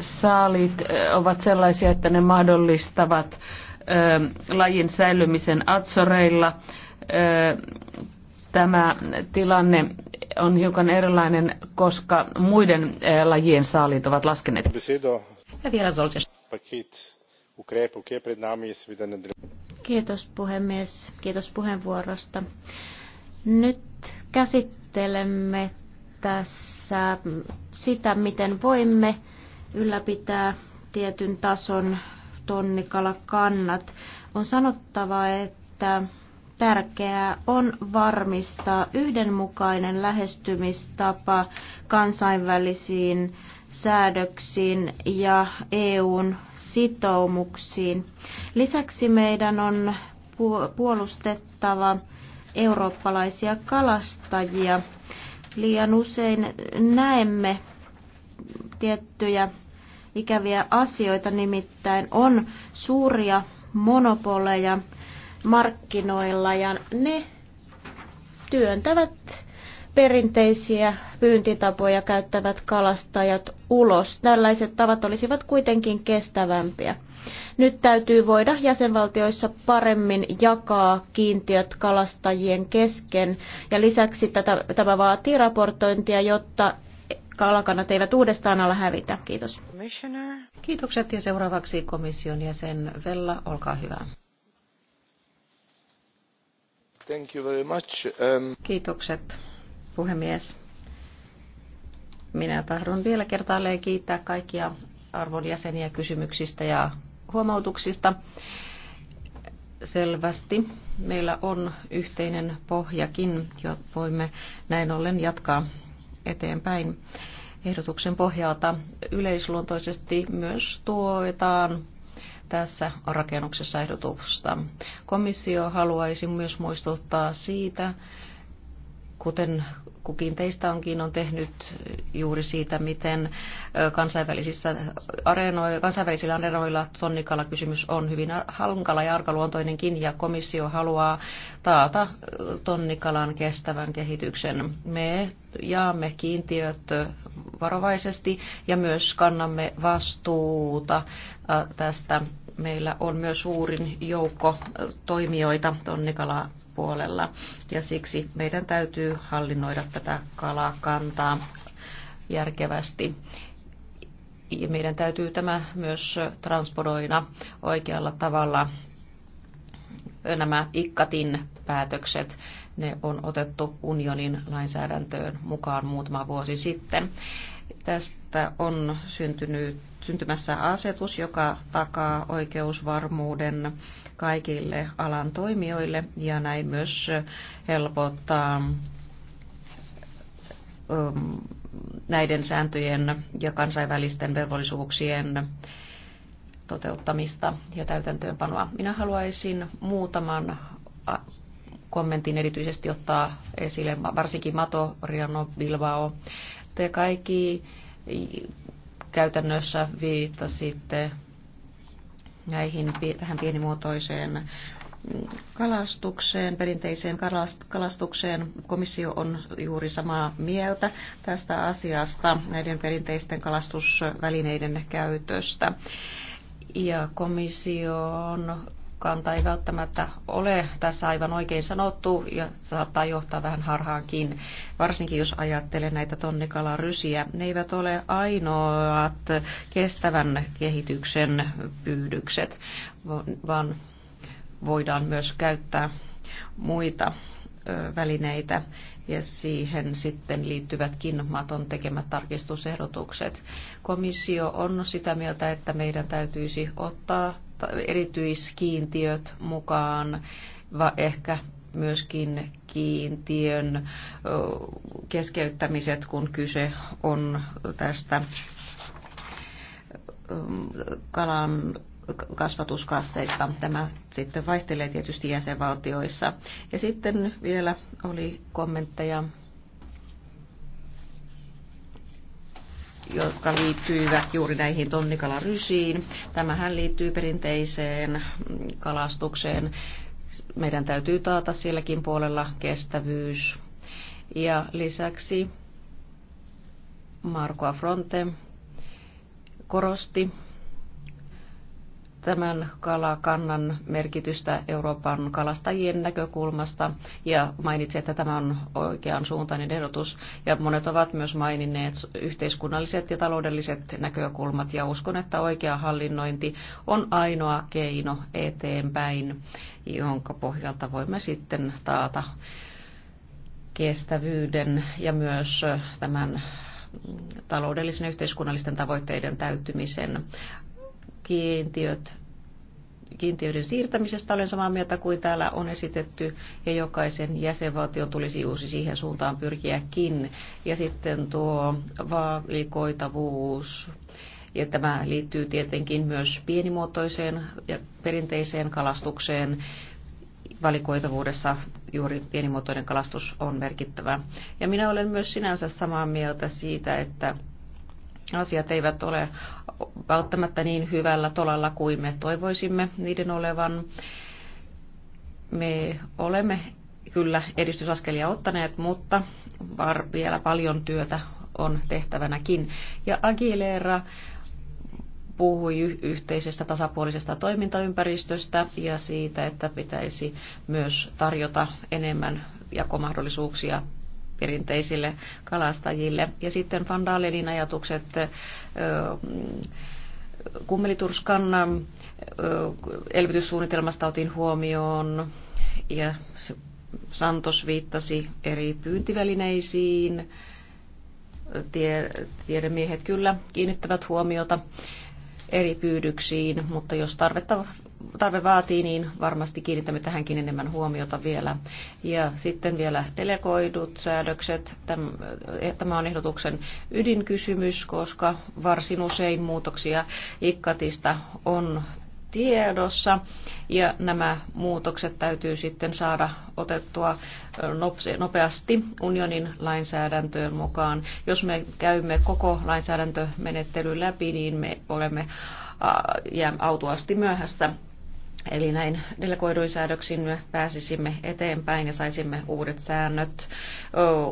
Saalit ovat sellaisia, että ne mahdollistavat lajin säilymisen Atsoreilla. Tämä tilanne on hiukan erilainen, koska muiden lajien saaliit ovat laskeneet. Ja vielä Kiitos puhemies, kiitos puheenvuorosta. Nyt käsittelemme tässä sitä, miten voimme ylläpitää tietyn tason tonnikalakannat. On sanottava, että tärkeää on varmistaa yhdenmukainen lähestymistapa kansainvälisiin säädöksiin ja EUn sitoumuksiin. Lisäksi meidän on puolustettava eurooppalaisia kalastajia. Liian usein näemme tiettyjä ikäviä asioita, nimittäin on suuria monopoleja markkinoilla ja ne työntävät perinteisiä pyyntitapoja käyttävät kalastajat ulos. Tällaiset tavat olisivat kuitenkin kestävämpiä. Nyt täytyy voida jäsenvaltioissa paremmin jakaa kiintiöt kalastajien kesken ja lisäksi tätä, tämä vaatii raportointia, jotta kalakannat eivät uudestaan ala hävitä. Kiitos. Commissioner. Kiitokset ja seuraavaksi komission jäsen Vella, olkaa hyvä. Thank you very much. Um... Kiitokset, puhemies. Minä tahdon vielä kertaalleen kiittää kaikkia arvon jäseniä kysymyksistä ja huomautuksista. Selvästi meillä on yhteinen pohjakin, jo voimme näin ollen jatkaa eteenpäin ehdotuksen pohjalta yleisluontoisesti myös tuetaan tässä rakennuksessa ehdotusta. Komissio haluaisi myös muistuttaa siitä, kuten kukin teistä onkin on tehnyt juuri siitä, miten kansainvälisissä areenoilla, kansainvälisillä areenoilla sonnikalla kysymys on hyvin hankala ja arkaluontoinenkin, ja komissio haluaa taata tonnikalan kestävän kehityksen. Me jaamme kiintiöt varovaisesti ja myös kannamme vastuuta tästä. Meillä on myös suurin joukko toimijoita tonnikalaa puolella. Ja siksi meidän täytyy hallinnoida tätä kalakantaa järkevästi. Ja meidän täytyy tämä myös transpodoida oikealla tavalla nämä ikkatin päätökset ne on otettu unionin lainsäädäntöön mukaan muutama vuosi sitten. Tästä että on syntynyt, syntymässä asetus, joka takaa oikeusvarmuuden kaikille alan toimijoille ja näin myös helpottaa um, näiden sääntöjen ja kansainvälisten velvollisuuksien toteuttamista ja täytäntöönpanoa. Minä haluaisin muutaman kommentin erityisesti ottaa esille, varsinkin Mato, Riano, Bilbao. Te kaikki käytännössä viittasitte näihin, tähän pienimuotoiseen kalastukseen, perinteiseen kalastukseen. Komissio on juuri samaa mieltä tästä asiasta, näiden perinteisten kalastusvälineiden käytöstä. Ja komissio on kanta ei välttämättä ole tässä aivan oikein sanottu ja saattaa johtaa vähän harhaankin, varsinkin jos ajattelee näitä tonnikalarysiä. Ne eivät ole ainoat kestävän kehityksen pyydykset, vaan voidaan myös käyttää muita välineitä ja siihen sitten liittyvätkin maton tekemät tarkistusehdotukset. Komissio on sitä mieltä, että meidän täytyisi ottaa erityiskiintiöt mukaan, va ehkä myöskin kiintiön keskeyttämiset, kun kyse on tästä kalan kasvatuskasseista. Tämä sitten vaihtelee tietysti jäsenvaltioissa. Ja sitten vielä oli kommentteja jotka liittyivät juuri näihin tonnikalarysiin. Tämähän liittyy perinteiseen kalastukseen. Meidän täytyy taata sielläkin puolella kestävyys. Ja lisäksi Marco Afronte korosti tämän kalakannan merkitystä Euroopan kalastajien näkökulmasta ja mainitsi, että tämä on oikean suuntainen ehdotus. Ja monet ovat myös maininneet yhteiskunnalliset ja taloudelliset näkökulmat ja uskon, että oikea hallinnointi on ainoa keino eteenpäin, jonka pohjalta voimme sitten taata kestävyyden ja myös tämän taloudellisen ja yhteiskunnallisten tavoitteiden täyttymisen kiintiöt, kiintiöiden siirtämisestä olen samaa mieltä kuin täällä on esitetty, ja jokaisen jäsenvaltion tulisi juuri siihen suuntaan pyrkiäkin. Ja sitten tuo vaalikoitavuus, ja tämä liittyy tietenkin myös pienimuotoiseen ja perinteiseen kalastukseen. Valikoitavuudessa juuri pienimuotoinen kalastus on merkittävä. Ja minä olen myös sinänsä samaa mieltä siitä, että asiat eivät ole välttämättä niin hyvällä tolalla kuin me toivoisimme niiden olevan. Me olemme kyllä edistysaskelia ottaneet, mutta vielä paljon työtä on tehtävänäkin. Ja Aguilera puhui yhteisestä tasapuolisesta toimintaympäristöstä ja siitä, että pitäisi myös tarjota enemmän jakomahdollisuuksia perinteisille kalastajille. Ja sitten Van Dalenin ajatukset kummeliturskan elvytyssuunnitelmasta otin huomioon ja Santos viittasi eri pyyntivälineisiin. tiedemiehet kyllä kiinnittävät huomiota eri pyydyksiin, mutta jos tarvetta tarve vaatii, niin varmasti kiinnitämme tähänkin enemmän huomiota vielä. Ja sitten vielä delegoidut säädökset. Eh, tämä on ehdotuksen ydinkysymys, koska varsin usein muutoksia ikkatista on tiedossa ja nämä muutokset täytyy sitten saada otettua eh, nopeasti unionin lainsäädäntöön mukaan. Jos me käymme koko lainsäädäntömenettely läpi, niin me olemme ja autuasti myöhässä Eli näin delegoiduin säädöksin me pääsisimme eteenpäin ja saisimme uudet säännöt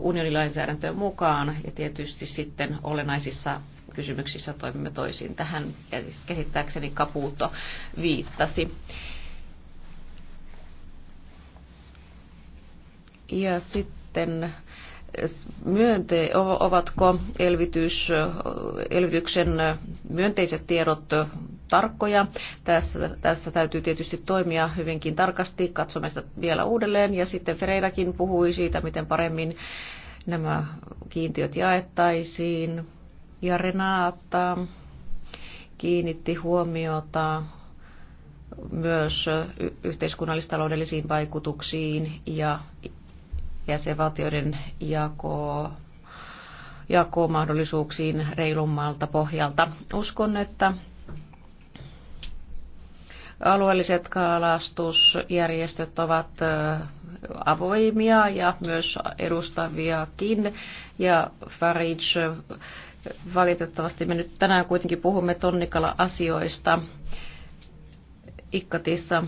unionilainsäädäntöön mukaan ja tietysti sitten olennaisissa kysymyksissä toimimme toisin. Tähän siis käsittääkseni Kapuuto viittasi. Ja sitten myönte, ovatko elvytys, elvytyksen myönteiset tiedot tarkkoja. Tässä, tässä täytyy tietysti toimia hyvinkin tarkasti. Katsomme sitä vielä uudelleen. Ja sitten Ferreirakin puhui siitä, miten paremmin nämä kiintiöt jaettaisiin. Ja Renata kiinnitti huomiota myös yhteiskunnallistaloudellisiin vaikutuksiin ja jäsenvaltioiden jako, jakomahdollisuuksiin reilummalta pohjalta. Uskon, että Alueelliset kalastusjärjestöt ovat avoimia ja myös edustaviakin. Ja Farage, valitettavasti me nyt tänään kuitenkin puhumme tonnikala-asioista Ikkatissa,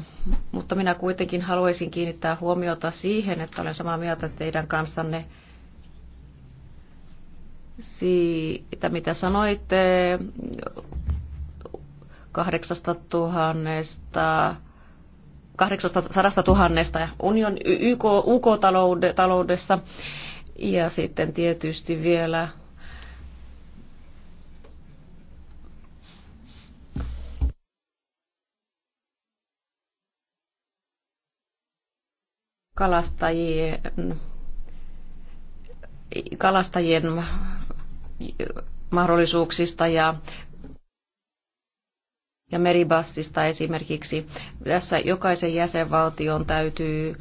mutta minä kuitenkin haluaisin kiinnittää huomiota siihen, että olen samaa mieltä teidän kanssanne siitä, mitä sanoitte 800 000 union YK, UK-taloudessa ja sitten tietysti vielä kalastajien, kalastajien mahdollisuuksista ja ja meribassista esimerkiksi. Tässä jokaisen jäsenvaltion täytyy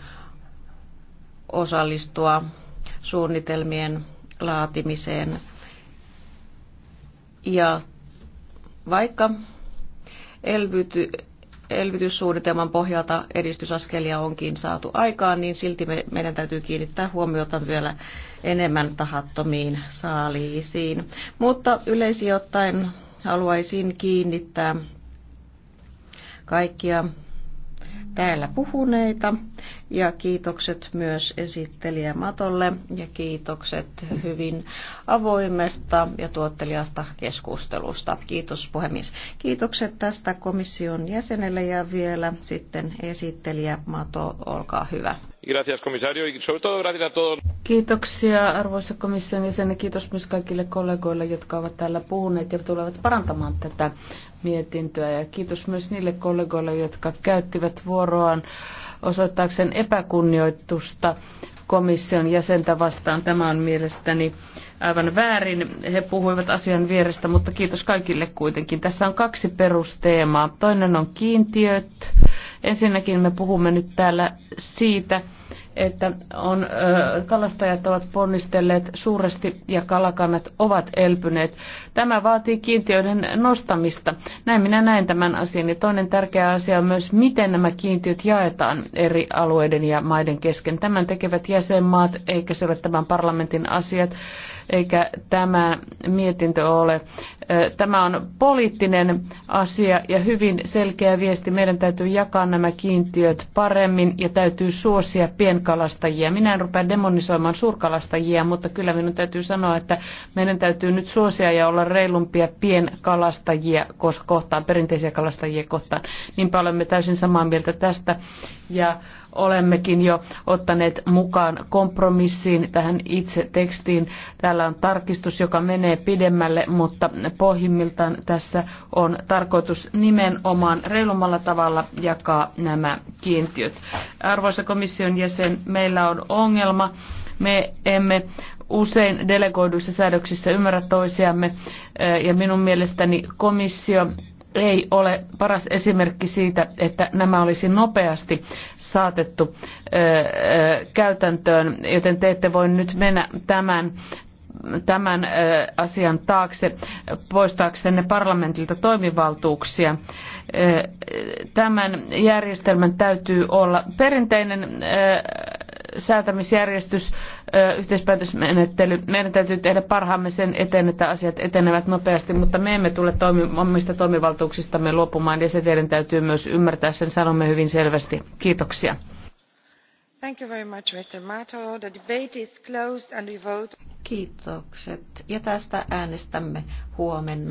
osallistua suunnitelmien laatimiseen. Ja vaikka elvyty, elvytyssuunnitelman pohjalta edistysaskelia onkin saatu aikaan, niin silti me, meidän täytyy kiinnittää huomiota vielä enemmän tahattomiin saaliisiin. Mutta yleisesti ottaen haluaisin kiinnittää kaikkia täällä puhuneita ja kiitokset myös esittelijä Matolle ja kiitokset hyvin avoimesta ja tuottelijasta keskustelusta. Kiitos puhemies. Kiitokset tästä komission jäsenelle ja vielä sitten esittelijä Mato, olkaa hyvä. Kiitoksia arvoisa komission jäsen ja kiitos myös kaikille kollegoille, jotka ovat täällä puhuneet ja tulevat parantamaan tätä mietintöä. Ja kiitos myös niille kollegoille, jotka käyttivät vuoroaan osoittaakseen epäkunnioitusta komission jäsentä vastaan. Tämä on mielestäni aivan väärin. He puhuivat asian vierestä, mutta kiitos kaikille kuitenkin. Tässä on kaksi perusteemaa. Toinen on kiintiöt Ensinnäkin me puhumme nyt täällä siitä, että on, kalastajat ovat ponnistelleet suuresti ja kalakannat ovat elpyneet. Tämä vaatii kiintiöiden nostamista. Näin minä näen tämän asian. Ja toinen tärkeä asia on myös, miten nämä kiintiöt jaetaan eri alueiden ja maiden kesken. Tämän tekevät jäsenmaat, eikä se ole tämän parlamentin asiat eikä tämä mietintö ole. Tämä on poliittinen asia ja hyvin selkeä viesti. Meidän täytyy jakaa nämä kiintiöt paremmin ja täytyy suosia pienkalastajia. Minä en rupea demonisoimaan suurkalastajia, mutta kyllä minun täytyy sanoa, että meidän täytyy nyt suosia ja olla reilumpia pienkalastajia kohtaan, perinteisiä kalastajia kohtaan. Niinpä olemme täysin samaa mieltä tästä. Ja olemmekin jo ottaneet mukaan kompromissiin tähän itse tekstiin. Täällä on tarkistus, joka menee pidemmälle, mutta pohjimmiltaan tässä on tarkoitus nimenomaan reilummalla tavalla jakaa nämä kiintiöt. Arvoisa komission jäsen, meillä on ongelma. Me emme usein delegoiduissa säädöksissä ymmärrä toisiamme eh, ja minun mielestäni komissio ei ole paras esimerkki siitä, että nämä olisi nopeasti saatettu käytäntöön, joten te ette voi nyt mennä tämän tämän asian taakse poistaaksenne parlamentilta toimivaltuuksia. Tämän järjestelmän täytyy olla perinteinen säätämisjärjestys, yhteispäätösmenettely. Meidän täytyy tehdä parhaamme sen eteen, että asiat etenevät nopeasti, mutta me emme tule toimi, omista toimivaltuuksistamme luopumaan ja se teidän täytyy myös ymmärtää, sen sanomme hyvin selvästi. Kiitoksia. Thank you very much, Mr. Mato. The debate is closed and we vote. Kiitokset. Ja tästä äänestämme huomenna.